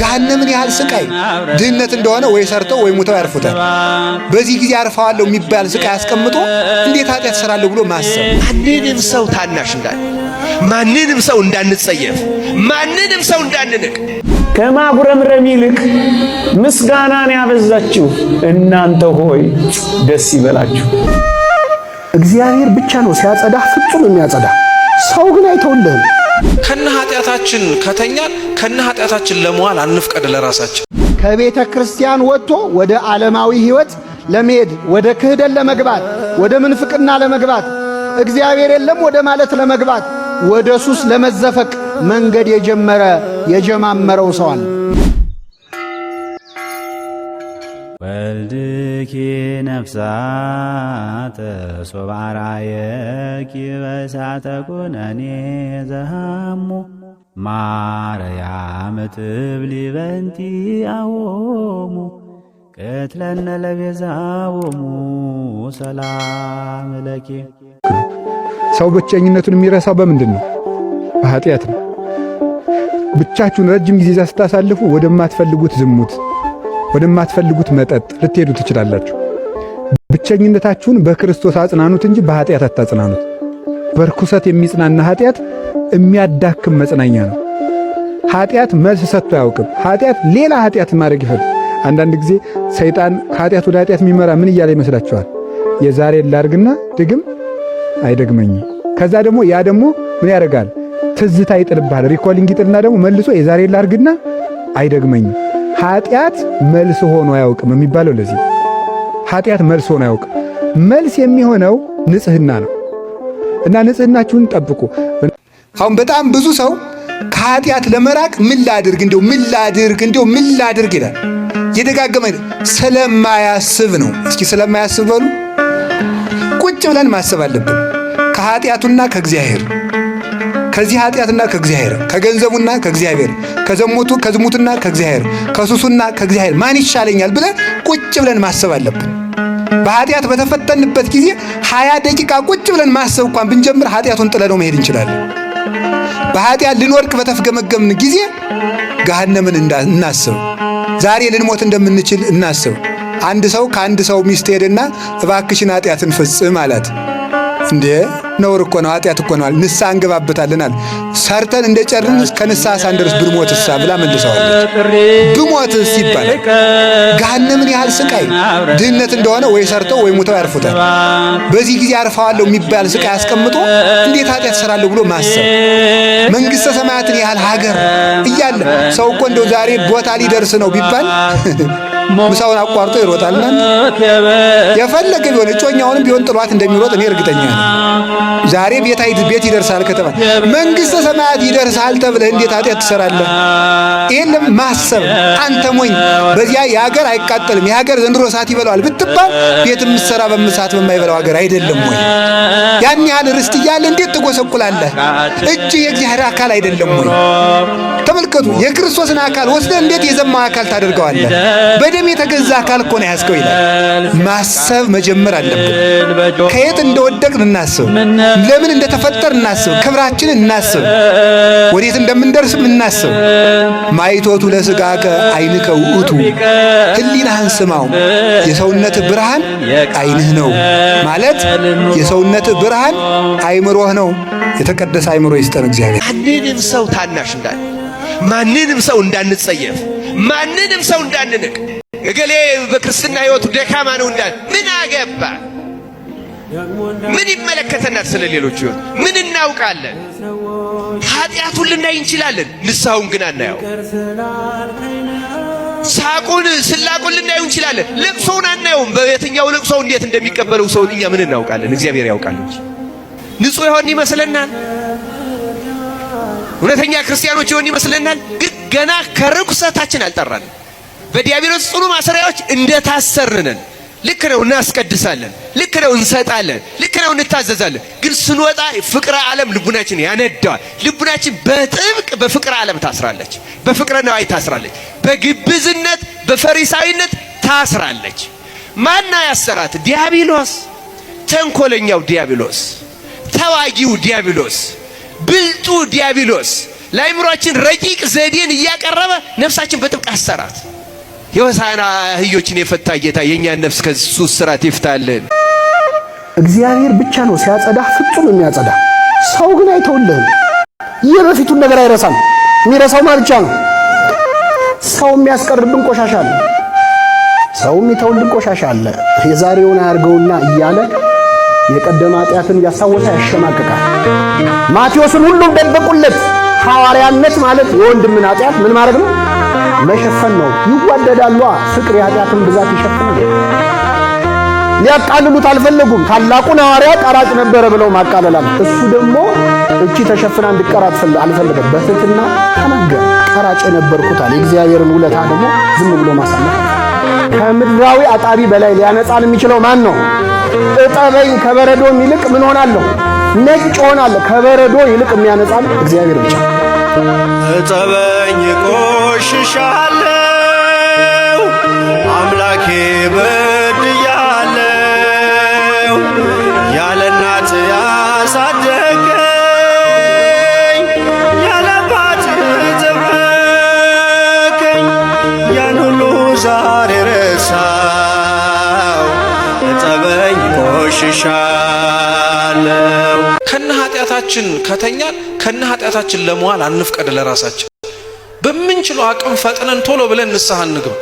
ገሃነምን ያህል ስቃይ ድህነት እንደሆነ ወይ ሰርተው ወይ ሙተው ያርፉታል። በዚህ ጊዜ አርፈዋለሁ የሚባል ስቃይ አስቀምጦ እንዴት ኃጢአት እሰራለሁ ብሎ ማሰብ ማንንም ሰው ታናሽ እንዳል ማንንም ሰው እንዳንጸየፍ ማንንም ሰው እንዳንንቅ ከማጉረምረም ይልቅ ምስጋናን ያበዛችሁ እናንተ ሆይ ደስ ይበላችሁ። እግዚአብሔር ብቻ ነው ሲያጸዳ ፍጹም የሚያጸዳ ሰው ግን አይተውልህም። ከነ ኃጢአታችን ከተኛን ከነ ኃጢአታችን ለመዋል አንፍቀድ። ለራሳችን ከቤተ ክርስቲያን ወጥቶ ወደ ዓለማዊ ሕይወት ለመሄድ ወደ ክህደን ለመግባት ወደ ምንፍቅና ለመግባት እግዚአብሔር የለም ወደ ማለት ለመግባት ወደ ሱስ ለመዘፈቅ መንገድ የጀመረ የጀማመረው ሰዋል ወልድኪ ነፍሳተ ሶባራየኪ በእሳተ ኩነኔ ዘሃሙ ማርያም ትብሊ በንቲ አዎሙ ቅትለነ ለቤዛዎሙ ሰላም ለኪ። ሰው ብቸኝነቱን የሚረሳው በምንድን ነው? በኃጢአት ነው። ብቻችሁን ረጅም ጊዜ ስታሳልፉ ወደማትፈልጉት ዝሙት ወደማትፈልጉት መጠጥ ልትሄዱ ትችላላችሁ። ብቸኝነታችሁን በክርስቶስ አጽናኑት እንጂ በኃጢአት አታጽናኑት። በርኩሰት የሚጽናና ኃጢአት የሚያዳክም መጽናኛ ነው። ኃጢአት መልስ ሰጥቶ አያውቅም። ኃጢአት ሌላ ኃጢአት ማድረግ ይፈልግ። አንዳንድ ጊዜ ሰይጣን ከኃጢአት ወደ ኃጢአት የሚመራ ምን እያለ ይመስላችኋል? የዛሬ ላርግና ድግም አይደግመኝ። ከዛ ደግሞ ያ ደግሞ ምን ያደርጋል? ትዝታ ይጥልብሃል። ሪኮሊንግ ይጥልና ደግሞ መልሶ የዛሬ ላርግና አይደግመኝም ኃጢአት መልስ ሆኖ አያውቅም የሚባለው ለዚህ ኃጢአት መልስ ሆኖ አያውቅም። መልስ የሚሆነው ንጽህና ነው እና ንጽህናችሁን ጠብቁ። አሁን በጣም ብዙ ሰው ከኃጢአት ለመራቅ ምን ላድርግ እንዲሁ ምን ላድርግ እንዲሁ ምን ላድርግ ይላል። የደጋገመ ስለማያስብ ነው። እስኪ ስለማያስብ በሉ ቁጭ ብለን ማሰብ አለብን ከኃጢአቱና ከእግዚአብሔር ከዚህ ኃጢአትና ከእግዚአብሔር ከገንዘቡና ከእግዚአብሔር ከዘሞቱ ከዝሙትና ከእግዚአብሔር ከሱሱና ከእግዚአብሔር ማን ይሻለኛል ብለን ቁጭ ብለን ማሰብ አለብን። በኃጢአት በተፈተንበት ጊዜ ሀያ ደቂቃ ቁጭ ብለን ማሰብ እንኳን ብንጀምር ኃጢአቱን ጥለነው መሄድ እንችላለን። በኃጢአት ልንወድቅ በተፍገመገምን ጊዜ ገሃነምን እናስብ። ዛሬ ልንሞት እንደምንችል እናስብ። አንድ ሰው ከአንድ ሰው ሚስት ሄደና እባክሽን ኃጢአትን ፍጽም አላት። እንዴ ነውር እኮ ነው፣ ኃጢአት እኮ ነው። ንስሐ እንገባበታለናል ሰርተን እንደ ጨርን ከንስሐ ሳንደርስ ብንሞትሳ ብላ መልሰዋለች። ብሞትስ ይባላል ገሃነምን ያህል ስቃይ ድህነት እንደሆነ ወይ ሰርተው ወይ ሙተው ያርፉታል። በዚህ ጊዜ አርፈዋለሁ የሚባል ስቃይ አስቀምጦ እንዴት ኃጢአት እሰራለሁ ብሎ ማሰብ መንግሥተ ሰማያትን ያህል ሀገር እያለ ሰው እኮ እንደው ዛሬ ቦታ ሊደርስ ነው ቢባል ምሳውን አቋርጦ ይሮጣል። የፈለገ ቢሆን እጮኛውንም ቢሆን ጥሏት እንደሚሮጥ እኔ እርግጠኛ ነኝ። ዛሬ ቤት ቤት ይደርሳል ከተባለ መንግሥተ ሰማያት ይደርሳል ተብለህ እንዴት ኃጢአት ትሰራለህ? ይህን ማሰብ አንተ ሞኝ። በዚያ የሀገር አይቃጠልም የሀገር ዘንድሮ እሳት ይበላዋል ብትባል ቤት የምትሰራ በምሳት በማይበላው ሀገር አይደለም ወይ? ያን ያህል ርስት እያለ እንዴት ትጎሰቁላለህ? እጅ የእግዚአብሔር አካል አይደለም ወይ? ተመልከቱ፣ የክርስቶስን አካል ወስደህ እንዴት የዘማ አካል ታደርገዋለህ? በደም የተገዛ አካል እኮ ነው ያዝከው ይላል። ማሰብ መጀመር አለብን። ከየት እንደወደቅን እናስብ፣ ለምን እንደተፈጠር እናስብ፣ ክብራችን እናስብ፣ ወዴት እንደምንደርስም እናስብ። ማይቶቱ ለስጋከ አይንከ ውእቱ ሕሊናህን ስማው የሰውነት ብርሃን አይንህ ነው ማለት የሰውነት ብርሃን አይምሮህ ነው። የተቀደሰ አይምሮ ይስጠን እግዚአብሔር። ማንንም ሰው ታናሽ እንዳን ማንንም ሰው እንዳንጸየፍ ማንንም ሰው እንዳንንቅ እገሌ በክርስትና ህይወቱ ደካማ ነው እንዳል ምን አገባ? ምን ይመለከተናል? ስለ ሌሎች ህይወት ምን እናውቃለን? ኃጢአቱን ልናይ እንችላለን፣ ንስሐውን ግን አናየው። ሳቁን ስላቁን ልናየው እንችላለን፣ ለቅሶውን አናየውም። በየትኛው ለቅሶ እንዴት እንደሚቀበለው ሰውን እኛ ምን እናውቃለን? እግዚአብሔር ያውቃል እንጂ ንጹህ ይሆን ይመስለናል። እውነተኛ ክርስቲያኖች ይሆን ይመስለናል። ግን ገና ከርኩሰታችን አልጠራንም። በዲያብሎስ ጽኑ ማሰሪያዎች እንደታሰርንን ልክ ነው። እናስቀድሳለን፣ ልክ ነው። እንሰጣለን፣ ልክ ነው። እንታዘዛለን። ግን ስንወጣ ፍቅረ ዓለም ልቡናችን ያነዳዋል። ልቡናችን በጥብቅ በፍቅረ ዓለም ታስራለች፣ በፍቅረ ነዋይ ታስራለች፣ በግብዝነት በፈሪሳዊነት ታስራለች። ማና ያሰራት? ዲያብሎስ፣ ተንኮለኛው ዲያብሎስ፣ ተዋጊው ዲያብሎስ፣ ብልጡ ዲያብሎስ ለአይምሯችን ረቂቅ ዘዴን እያቀረበ ነፍሳችን በጥብቅ አሰራት። የወሳና አህዮችን የፈታ ጌታ የእኛን ነፍስ ከሱ ስራት ይፍታልን። እግዚአብሔር ብቻ ነው ሲያጸዳህ ፍጹም የሚያጸዳ። ሰው ግን አይተውልህም። የበፊቱን በፊቱን ነገር አይረሳም። የሚረሳው ማ ነው? ሰው የሚያስቀርብን ቆሻሻ አለ። ሰው የሚተውልን ቆሻሻ አለ። የዛሬውን አያርገውና እያለ የቀደመ ኃጢአትን እያስታወሰ ያሸማቅቃል። ማቴዎስን ሁሉም ደበቁለት። ሐዋርያነት ማለት የወንድምን ኃጢአት ምን ማድረግ ነው መሸፈን ነው። ይዋደዳሉ። ፍቅር የኃጢአትን ብዛት ይሸፍን። ሊያቃልሉት አልፈለጉም። ታላቁን ሐዋርያ ቀራጭ ነበረ ብለው ማቃለላል። እሱ ደግሞ እቺ ተሸፍና እንድቀራ አልፈለገም። በትህትና ተናገረ። ቀራጭ የነበርኩት አለ። የእግዚአብሔርን ውለታ ደግሞ ዝም ብሎ ማሳለፍ ከምድራዊ አጣቢ በላይ ሊያነጻን የሚችለው ማን ነው? እጠበኝ ከበረዶ ይልቅ ምን ሆናለሁ? ነጭ ሆናለሁ። ከበረዶ ይልቅ የሚያነጻን እግዚአብሔር ብቻ። እጠበኝ ቆሽሻለው አምላኬ በድያለው ያለ እናት ያሳደገኝ ያለ አባት ጠበቀኝ ያን ሁሉ ዛሬ ረሳው እጠበኝ ቆሽሻለው ከነ ኃጢአታችን ከተኛን ከነ ኃጢአታችን ለመዋል አንፍቀድ ለራሳችን በምንችለው አቅም ፈጥነን ቶሎ ብለን ንስሐ እንግባ።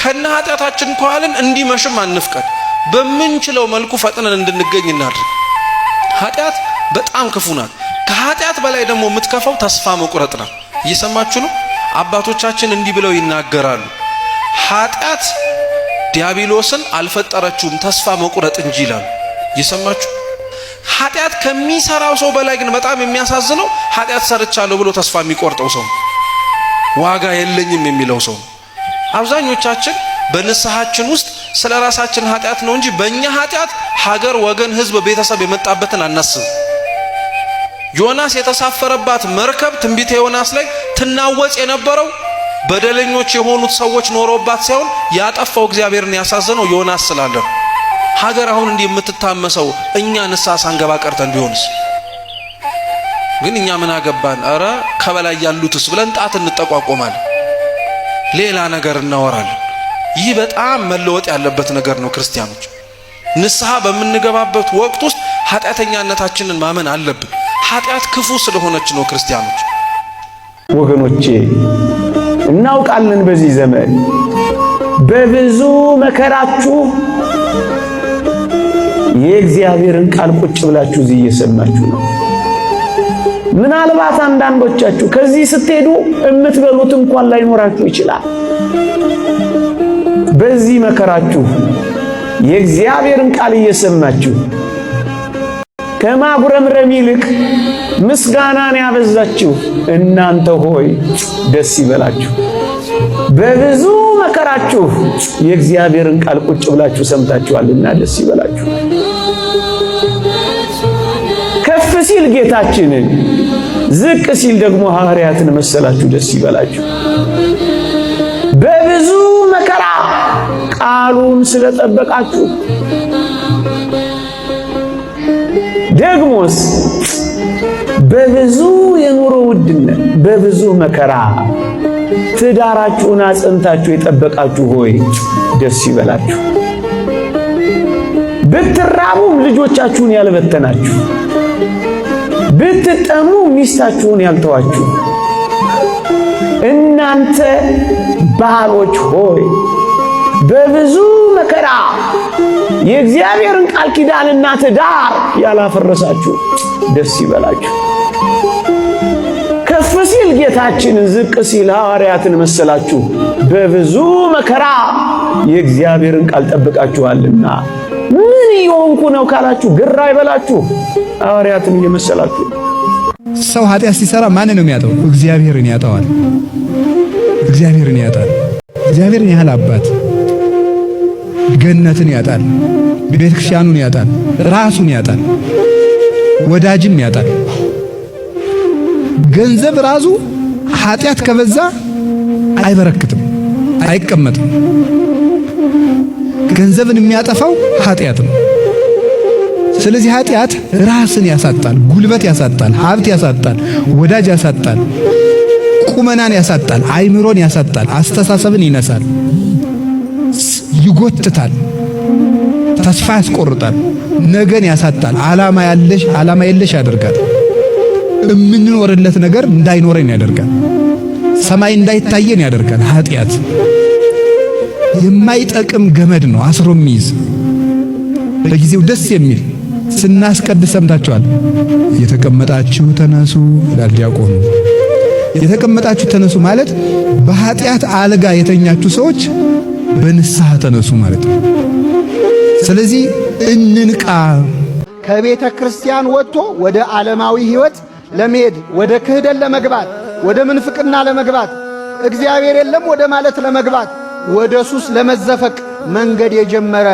ከነ ኃጢአታችን ከኋልን እንዲመሽም አንፍቀድ። በምንችለው መልኩ ፈጥነን እንድንገኝ እናድርግ። ኃጢአት በጣም ክፉ ናት። ከኃጢአት በላይ ደግሞ የምትከፋው ተስፋ መቁረጥ ናት። እየሰማችሁ ነው። አባቶቻችን እንዲህ ብለው ይናገራሉ። ኃጢአት ዲያብሎስን አልፈጠረችውም ተስፋ መቁረጥ እንጂ ይላሉ። እየሰማችሁ ኃጢአት ከሚሰራው ሰው በላይ ግን በጣም የሚያሳዝነው ኃጢአት ሰርቻለሁ ብሎ ተስፋ የሚቆርጠው ሰው ዋጋ የለኝም የሚለው ሰው አብዛኞቻችን በንስሐችን ውስጥ ስለ ራሳችን ኃጢአት ነው እንጂ በእኛ ኃጢአት ሀገር፣ ወገን፣ ህዝብ፣ ቤተሰብ የመጣበትን አናስብ። ዮናስ የተሳፈረባት መርከብ ትንቢተ ዮናስ ላይ ትናወጽ የነበረው በደለኞች የሆኑት ሰዎች ኖሮባት ሳይሆን ያጠፋው እግዚአብሔርን ያሳዘነው ዮናስ ስላለ ሀገር አሁን እንዲህ የምትታመሰው እኛ ንስሐ ሳንገባ ቀርተን ቢሆንስ ግን እኛ ምን አገባን፣ አረ ከበላይ ያሉትስ ብለን ጣት እንጠቋቆማለን፣ ሌላ ነገር እናወራለን። ይህ በጣም መለወጥ ያለበት ነገር ነው። ክርስቲያኖች ንስሐ በምንገባበት ወቅት ውስጥ ኃጢአተኛነታችንን ማመን አለብን። ኃጢአት ክፉ ስለሆነች ነው። ክርስቲያኖች ወገኖቼ እናውቃለን፣ በዚህ ዘመን በብዙ መከራችሁ የእግዚአብሔርን ቃል ቁጭ ብላችሁ እዚህ እየሰማችሁ ነው። ምናልባት አንዳንዶቻችሁ ከዚህ ስትሄዱ የምትበሉት እንኳን ላይኖራችሁ ይችላል። በዚህ መከራችሁ የእግዚአብሔርን ቃል እየሰማችሁ ከማጉረምረም ይልቅ ምስጋናን ያበዛችሁ እናንተ ሆይ ደስ ይበላችሁ። በብዙ መከራችሁ የእግዚአብሔርን ቃል ቁጭ ብላችሁ ሰምታችኋልና ደስ ይበላችሁ። ከፍ ሲል ጌታችንን ዝቅ ሲል ደግሞ ሐዋርያትን መሰላችሁ ደስ ይበላችሁ። በብዙ መከራ ቃሉን ስለጠበቃችሁ ደግሞስ በብዙ የኑሮ ውድነት በብዙ መከራ ትዳራችሁን አጽንታችሁ የጠበቃችሁ ሆይ ደስ ይበላችሁ። ብትራቡም ልጆቻችሁን ያልበተናችሁ ብትጠሙ ሚስታችሁን ያልተዋችሁ እናንተ ባሎች ሆይ በብዙ መከራ የእግዚአብሔርን ቃል ኪዳንና ትዳር ያላፈረሳችሁ ደስ ይበላችሁ። ከፍ ሲል ጌታችንን፣ ዝቅ ሲል ሐዋርያትን መሰላችሁ። በብዙ መከራ የእግዚአብሔርን ቃል ጠብቃችኋልና ምን እየሆንኩ ነው ካላችሁ ግራ አይበላችሁ። ሐዋርያትን እየመሰላችሁ ሰው ኃጢአት ሲሰራ ማን ነው የሚያጠው? እግዚአብሔርን ያጠዋል። እግዚአብሔርን ያጣል። እግዚአብሔርን ያህል አባት ገነትን ያጣል፣ ቤተ ክርስቲያኑን ያጣል፣ ራሱን ያጣል፣ ወዳጅን ያጣል። ገንዘብ ራሱ ኃጢአት ከበዛ አይበረክትም፣ አይቀመጥም። ገንዘብን የሚያጠፋው ኃጢአት ነው። ስለዚህ ኃጢአት ራስን ያሳጣል፣ ጉልበት ያሳጣል፣ ሀብት ያሳጣል፣ ወዳጅ ያሳጣል፣ ቁመናን ያሳጣል፣ አይምሮን ያሳጣል፣ አስተሳሰብን ይነሳል፣ ይጎትታል፣ ተስፋ ያስቆርጣል፣ ነገን ያሳጣል፣ ዓላማ ያለሽ ዓላማ የለሽ ያደርጋል። እምንኖርለት ነገር እንዳይኖረን ያደርጋል። ሰማይ እንዳይታየን ያደርጋል ኃጢአት የማይጠቅም ገመድ ነው አስሮ የሚይዝ ለጊዜው ደስ የሚል ስናስቀድስ ሰምታችኋል። የተቀመጣችሁ ተነሱ ይላል ዲያቆኑ። የተቀመጣችሁ ተነሱ ማለት በኃጢአት አልጋ የተኛችሁ ሰዎች በንስሐ ተነሱ ማለት ነው። ስለዚህ እንንቃ። ከቤተ ክርስቲያን ወጥቶ ወደ ዓለማዊ ሕይወት ለመሄድ ወደ ክህደት ለመግባት ወደ ምንፍቅና ለመግባት እግዚአብሔር የለም ወደ ማለት ለመግባት ወደ ሱስ ለመዘፈቅ መንገድ የጀመረ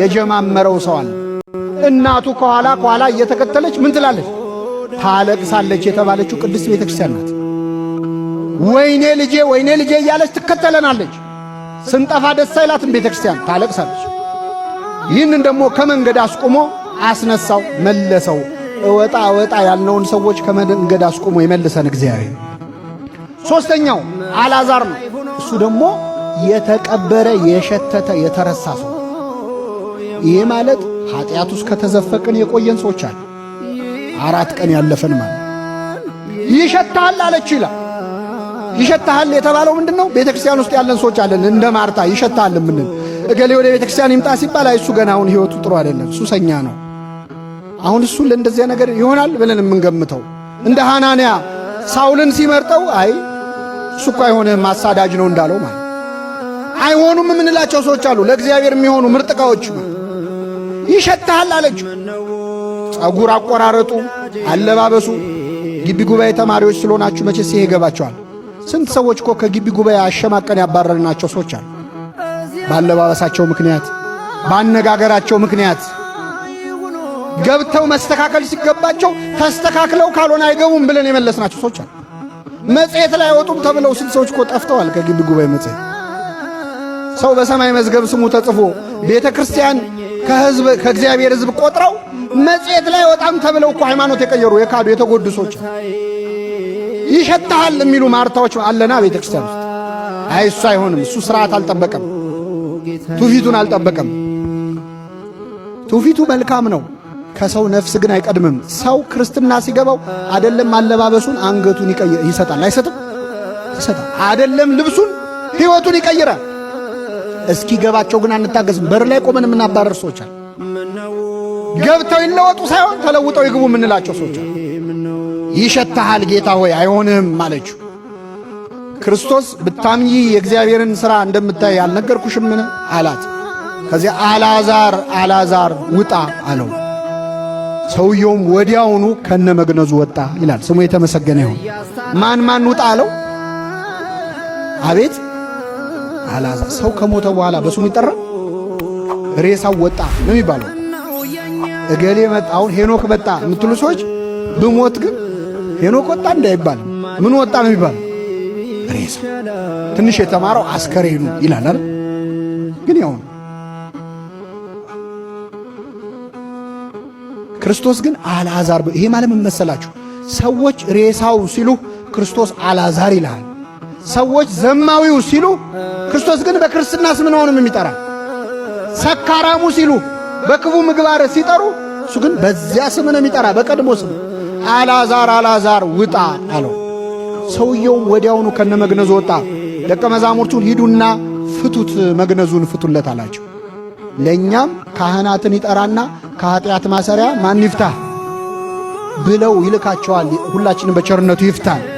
የጀማመረው ሰው አለ። እናቱ ከኋላ ከኋላ እየተከተለች ምን ትላለች? ታለቅሳለች የተባለችው ቅድስት ቤተ ክርስቲያን ናት። ወይኔ ልጄ ወይኔ ልጄ እያለች ትከተለናለች። ስንጠፋ ደስ አይላትም፣ ቤተ ክርስቲያን ታለቅሳለች። ይህንን ደግሞ ከመንገድ አስቁሞ አስነሳው፣ መለሰው። እወጣ እወጣ ያልነውን ሰዎች ከመንገድ አስቁሞ የመልሰን እግዚአብሔር። ሦስተኛው አላዛር ነው። እሱ ደግሞ የተቀበረ የሸተተ የተረሳ ሰው። ይሄ ማለት ኃጢአት ውስጥ ከተዘፈቅን የቆየን ሰዎች አለ አራት ቀን ያለፈን ማለት ይሸታሃል አለች ይላል። ይሸታሃል የተባለው ምንድን ነው? ቤተ ክርስቲያን ውስጥ ያለን ሰዎች አለን እንደ ማርታ ይሸታሃል የምንል እገሌ ወደ ቤተ ክርስቲያን ይምጣ ሲባል አይ እሱ ገና አሁን ህይወቱ ጥሩ አይደለም ሱሰኛ ነው። አሁን እሱ ለእንደዚያ ነገር ይሆናል ብለን የምንገምተው እንደ ሐናንያ ሳውልን ሲመርጠው አይ እሱ እኮ አይሆንህም ማሳዳጅ ነው እንዳለው ማለት አይሆኑም የምንላቸው ሰዎች አሉ። ለእግዚአብሔር የሚሆኑ ምርጥ እቃዎች ይሸትሃል አለችው። ጸጉር አቆራረጡ፣ አለባበሱ ግቢ ጉባኤ ተማሪዎች ስለሆናችሁ መቼስ ይሄ ይገባቸዋል። ስንት ሰዎች እኮ ከግቢ ጉባኤ አሸማቀን ያባረርናቸው ሰዎች አሉ። ባለባበሳቸው ምክንያት፣ ባነጋገራቸው ምክንያት ገብተው መስተካከል ሲገባቸው ተስተካክለው ካልሆነ አይገቡም ብለን የመለስናቸው ሰዎች አሉ። መጽሔት ላይ አይወጡም ተብለው ስንት ሰዎች እኮ ጠፍተዋል ከግቢ ጉባኤ መጽሔት ሰው በሰማይ መዝገብ ስሙ ተጽፎ ቤተ ክርስቲያን ከህዝብ ከእግዚአብሔር ህዝብ ቆጥረው መጽሔት ላይ ወጣም ተብለው እኮ ሃይማኖት የቀየሩ የካዱ የተጎዱ ሰዎች ይሸታሃል የሚሉ ማርታዎች አለና ቤተ ክርስቲያን ውስጥ። አይ እሱ አይሆንም፣ እሱ ስርዓት አልጠበቀም፣ ትውፊቱን አልጠበቀም። ትውፊቱ መልካም ነው፣ ከሰው ነፍስ ግን አይቀድምም። ሰው ክርስትና ሲገባው አደለም አለባበሱን አንገቱን ይሰጣል፣ አይሰጥም፣ ይሰጣል። አደለም ልብሱን ህይወቱን ይቀይራል። እስኪገባቸው ግን አንታገዝም። በር ላይ ቆመን የምናባረር ሰዎች አሉ። ገብተው ይለወጡ ሳይሆን ተለውጠው ይግቡ የምንላቸው ሰዎች አሉ። ይሸታሃል ጌታ ሆይ አይሆንህም አለችው። ክርስቶስ ብታምኚ የእግዚአብሔርን ሥራ እንደምታይ አልነገርኩሽምን አላት። ከዚያ አላዛር አላዛር ውጣ አለው። ሰውየውም ወዲያውኑ ከነ መግነዙ ወጣ ይላል። ስሙ የተመሰገነ ይሁን። ማን ማን ውጣ አለው? አቤት አልዓዛር ሰው ከሞተ በኋላ በሱ የሚጠራ ሬሳው ወጣ ነው የሚባለው። እገሌ መጣ፣ አሁን ሄኖክ መጣ የምትሉ ሰዎች ብሞት ግን ሄኖክ ወጣ እንዳይባል ምን ወጣ ነው የሚባለው። ሬሳ ትንሽ የተማረው አስከሬኑ ይላል ግን ያው ክርስቶስ ግን አልዓዛር ይሄ ማለት ምን መሰላችሁ? ሰዎች ሬሳው ሲሉ ክርስቶስ አልዓዛር ይልሃል። ሰዎች ዘማዊው ሲሉ ክርስቶስ ግን በክርስትና ስም ነው የሚጠራ። ሰካራሙ ሲሉ በክፉ ምግባር ሲጠሩ እሱ ግን በዚያ ስም ነው የሚጠራ፣ በቀድሞ ስም አላዛር አላዛር ውጣ አለው። ሰውየውም ወዲያውኑ ከነመግነዙ ወጣ። ደቀ መዛሙርቱን ሂዱና ፍቱት፣ መግነዙን ፍቱለት አላቸው። ለእኛም ካህናትን ይጠራና ከኃጢአት ማሰሪያ ማን ይፍታ ብለው ይልካቸዋል። ሁላችንም በቸርነቱ ይፍታል።